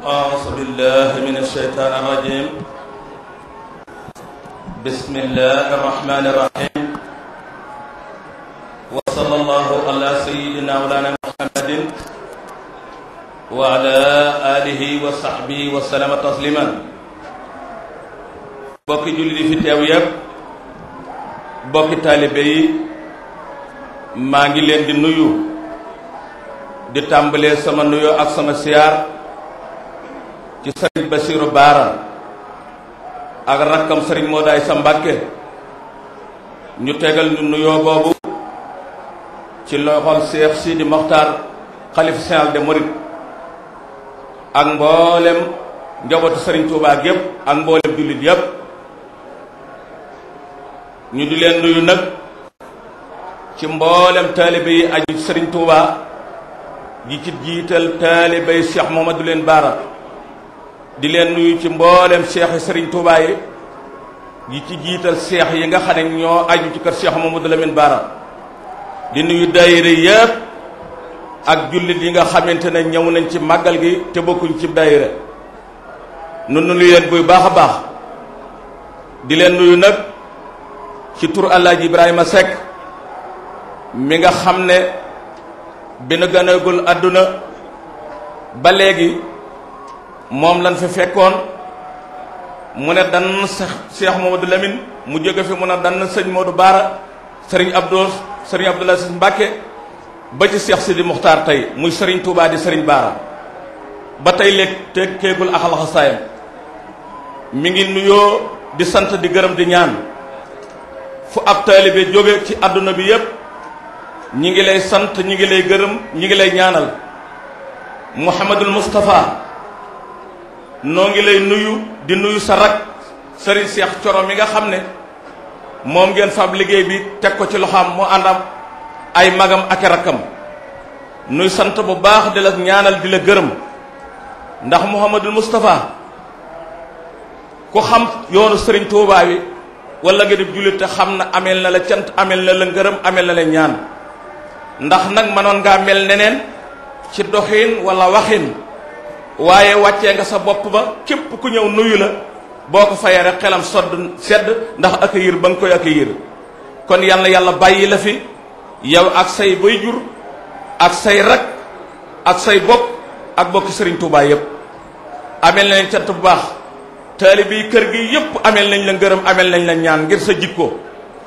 أعوذ بالله من الشيطان الرجيم بسم الله الرحمن الرحيم وصلى الله على سيدنا مولانا محمد وعلى آله وصحبه وسلم تسليما bokki jullit yi fi teew yépp bokki taalibe yi maa ngi leen di nuyu di tàmbalee sama nuyoo ak sama siyaar ci sëriñ Basiiru Baara ak rakkam sëriñ modaay sa Mbàkke ñu tegal ñu nuyoo boobu ci loxol Cheikh Sidi Mokhtar xalif général des mourides ak mboolem njabootu sëriñ Touba gépp ak mboolem jullit yépp ñu di leen nuyu nag ci mboolem taalibe yi aju sëriñ Touba ji ci jiital taalibe yi Cheikh Momadou leen Baara di leen nuyu ci mboolem cheikh Serigne Touba yi yi ci jiital cheikh yi nga xam ñoo aju ci kër cheikh Mamadou Lamine Bara di nuyu daayira yëpp ak jullit yi nga xamante ne ñëw nañ ci màggal gi te bokkuñ ci daayira nu nuyu leen buy baax a baax di leen nuyu nag ci tur allaaj Ibrahima Seck mi nga xam ne bi nu ganagul àdduna ba léegi moom lañ fi fekkoon mu ne dann sax Cheikh Mamadou Lamine mu jóge fi mu ne dan sëñ du Baara sëriñ Abdou sëriñ Abdoulaye Sëñ Mbàkke ba ci Cheikh di Muxtaar tey muy sëriñ Touba di sëriñ Baara ba tey léeg te kéegul axalaxa saayam mi ngi nuyoo di sant di gërëm di ñaan fu ab taalibe jóge ci àdduna bi yépp ñi ngi lay sant ñi ngi lay gërëm ñi ngi lay ñaanal Muhammadul Moustapha noo ngi lay nuyu di nuyu sa rak sëriñ Cheikh Coro mi nga xam ne moom ngeen fab liggéey bi teg ko ci loxoom mu àndam ay magam ak rakkam nuy sant bu baax di la ñaanal di la gërëm ndax Mouhamadul Moustapha ku xam yoonu sëriñ Touba wi wala nga di jullit te xam na ameel na la cant ameel na la ngërëm ameel na la ñaan ndax nag mënoon ngaa mel neneen ci doxin wala waxin waaye wàccee nga sa bopp ba képp ku ñëw nuyu la boo ko fayee rek xelam sodd sedd ndax accueillir ba nga koy accueillir kon yal yàlla bàyyi la fi yow ak say bay jur ak say rak ak say bopp ak bokki sëriñ Touba yëpp amel nañ cant bu baax taalibe yi kër gi yëpp amel nañ la ngërëm amel nañ la ñaan ngir sa jikko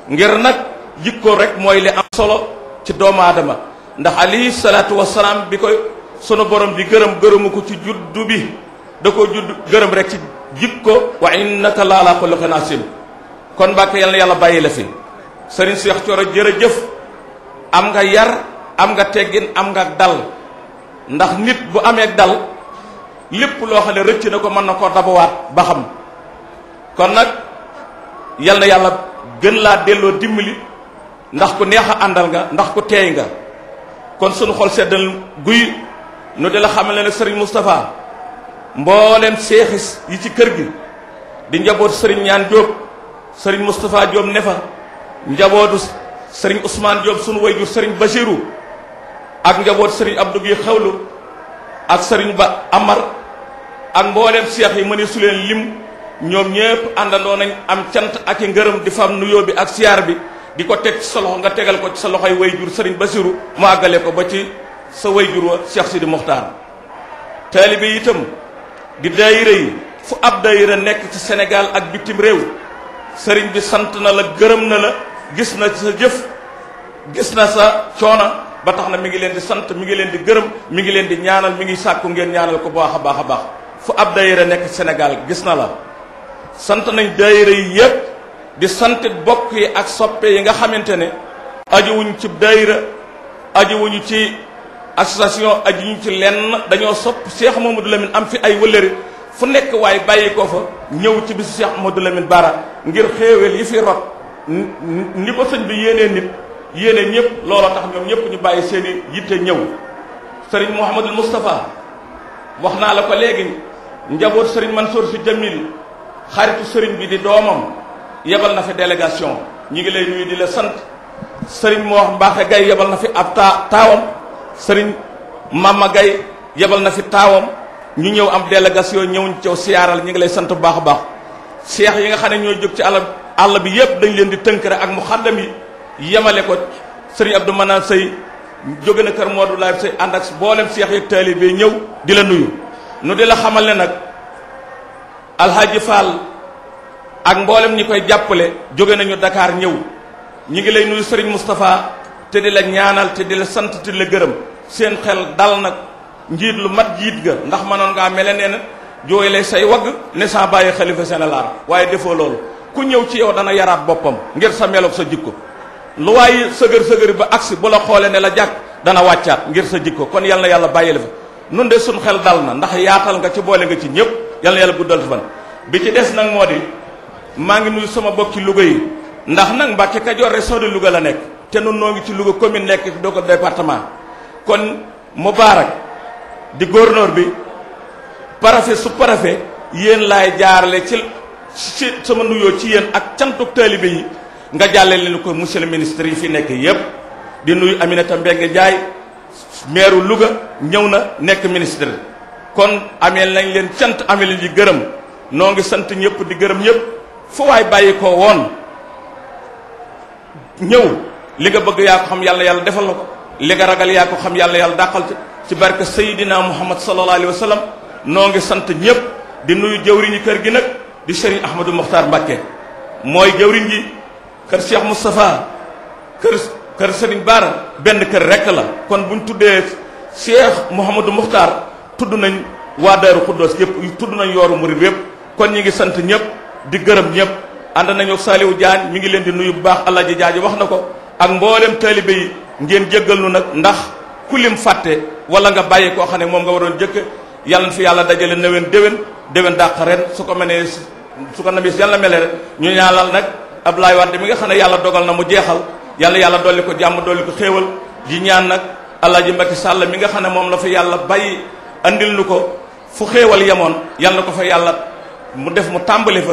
ngir nag jikko rek mooy li am solo ci doomu aadama ndax alayhi salaatu bi koy sunu borom bi gërëm gërëmu ko ci juddu bi da ko judd gërëm rek ci ko wa innaka laalaa xuluqin asim kon Mbàkke yal na yàlla bàyyi la fi sëriñ Seex a jëf am nga yar am nga teggin am nga dal ndax nit bu amee dal lépp loo xam ne rëcc na ko mën na koo dabawaat ba xam kon nag yal na yàlla gën laa delloo dimbali ndax ku neex àndal nga ndax ku teey nga kon sunu xol seddal guy nu di la xamal ne sëriñ Moustapha mbooleem seexis yi ci kër gi di njaboot sëriñ ñaan Diop sëriñ Moustapha Diop ne fa njabootu sëriñ Ousmane Diop sunu wayjur sëriñ Bachirou ak njaboot sëriñ Abdou Guèye xawlu ak sëriñ Ba Amar ak mbooleem seex yi mënee su leen lim ñoom ñëpp àndandoo nañ am cant ak i ngërëm di fam nuyoo bi ak siyaar bi di ko teg ci nga tegal ko ci sa loxoy wayjur sëriñ Bachirou mu àggale ko ba ci. sa wayjur wa Cheikh Sidi Mokhtar taalibe itam di daayira yi fu ab daayira nekk ci Sénégal ak bitim réew sëriñ bi sant na la gërëm na la gis na sa jëf gis na sa coona ba tax na mi ngi leen di sant mu ngi leen di gërëm mi ngi leen di ñaanal mi ngi sàkku ngeen ñaanal ko baax a baax a baax fu ab daayira nekk Sénégal gis na la sant nañ daayira yi yépp di santit bokk yi ak soppe yi nga xamante ne ajuwuñ ci daayira ajuwuñu ci association ak ñu ci lenn dañoo sopp Cheikh Mamadou Lamine am fi ay wëllëre fu nekk waay bàyyi ko fa ñëw ci bisu Cheikh Mamadou Lamine Bara ngir xéewal yi fi rot ni ko sëñ bi yéenee nit yéene ñëpp loola tax ñoom ñëpp ñu bàyyi seen i yitte ñëw sëriñ Mouhamadul Moustapha wax naa la ko léegi njaboot sëriñ Mansour si Jamil xaritu sëriñ bi di doomam yebal na fi délégation ñi ngi lay nuyu di la sant sëriñ moo wax Mbaaxe Gay yebal na fi ab taawam sëriñ Mama Gaye yebal na fi taawam ñu ñëw am yoo ñëwuñ caw siyaaral ñu ngi lay sant bu baax a baax seex yi nga xam ne ñoo jóg ci àll àll bi yëpp dañ leen di tënkare ak mu xaddam yi yemale ko sëriñ Abdou Manaan sëy jóge na kër Modou Laye Sey ànd ak mboolem seex yi taalibe ñëw di la nuyu nu di la xamal le nag alhaji Fall ak mboolem ñi koy jàppale jóge nañu dakaar ñëw ñi ngi lay nuyu sëriñ Moustapha te di la ñaanal te di la sant te gërëm seen xel dal nag njiit lu mat jiit ga ndax mënoon ngaa mele nee na jooy say wagg ne saa bàyyi xalifa général waaye defoo loolu ku ñëw ci yow dana yaraat boppam ngir sa meloog sa jikko lu waaye sëgër sëgër ba agsi bu la xoolee ne la jàkk dana wàccaat ngir sa jikko kon yal na yàlla bàyyi la fa nun de suñ xel dal na ndax yaatal nga ci boole nga ci ñëpp yal na yàlla guddal fan bi ci des nag moo di maa ngi nuyu sama bokki Louga ndax nag Mbàkke Kajoor région Louga la nekk te nun noo ci Louga commune nekk doo ko département kon Moubarak di gouverneur bi préfet su préfet yéen laay jaarale ci ci sama nuyoo ci yéen ak cantuk taalibe yi nga jàlle leen ko monsieur le ministre yi fi nekk yépp di nuyu Aminata Mbengue Ndiaye maire Louga ñëw na nekk ministre kon ameel nañ leen cant amee leen di gërëm noo ngi sant ñëpp di gërëm ñëpp fu waay bàyyi ko woon ñëw li nga bëgg yaa ko xam yàlla yàlla defal la ko li nga ragal yaa ko xam yàlla yàlla dàqal ci ci barke Seydina Muhammad sallallahu alayhi wa sallam noo ngi sant ñëpp di nuyu jëwriñu kër gi nag di Serigne Ahmadou Mokhtar Mbacké mooy jëwriñ gi kër Cheikh Moustapha kër kër Serigne benn kër rek la kon buñ tuddee Cheikh Mouhamadou Mokhtar tudd nañ waa Daaru Xuddoos yëpp tudd nañ yooru murid bépp kon ñi ngi sant ñëpp di gërëm ñëpp ànd nañu Saliou Diagne mi ngi leen di nuyu bu baax Alaaji Jaaji wax na ko ak mboolem taalibe yi ngeen jéggal nu nag ndax ku lim fàtte wala nga bàyyi koo xam ne moom nga waroon jëkke yàlla fi yàlla dajale newen déwén déwén dàq ren su ko menee su ko namee yàlla melee rek ñu ñaanal nag Abdoulaye Wade mi nga xam ne yàlla dogal na mu jeexal yàlla yàlla dolli ko jàmm dolli ko xéewal di ñaan nag Alaaji Mbacke Sall mi nga xam ne moom la fi yàlla bàyyi andil nu ko fu xéewal yemoon yàlla na ko fa yàlla mu def mu tàmbali fa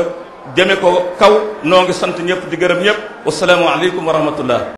jëme ko kaw noo ngi sant ñëpp di gërëm ñëpp wasalaamu aleykum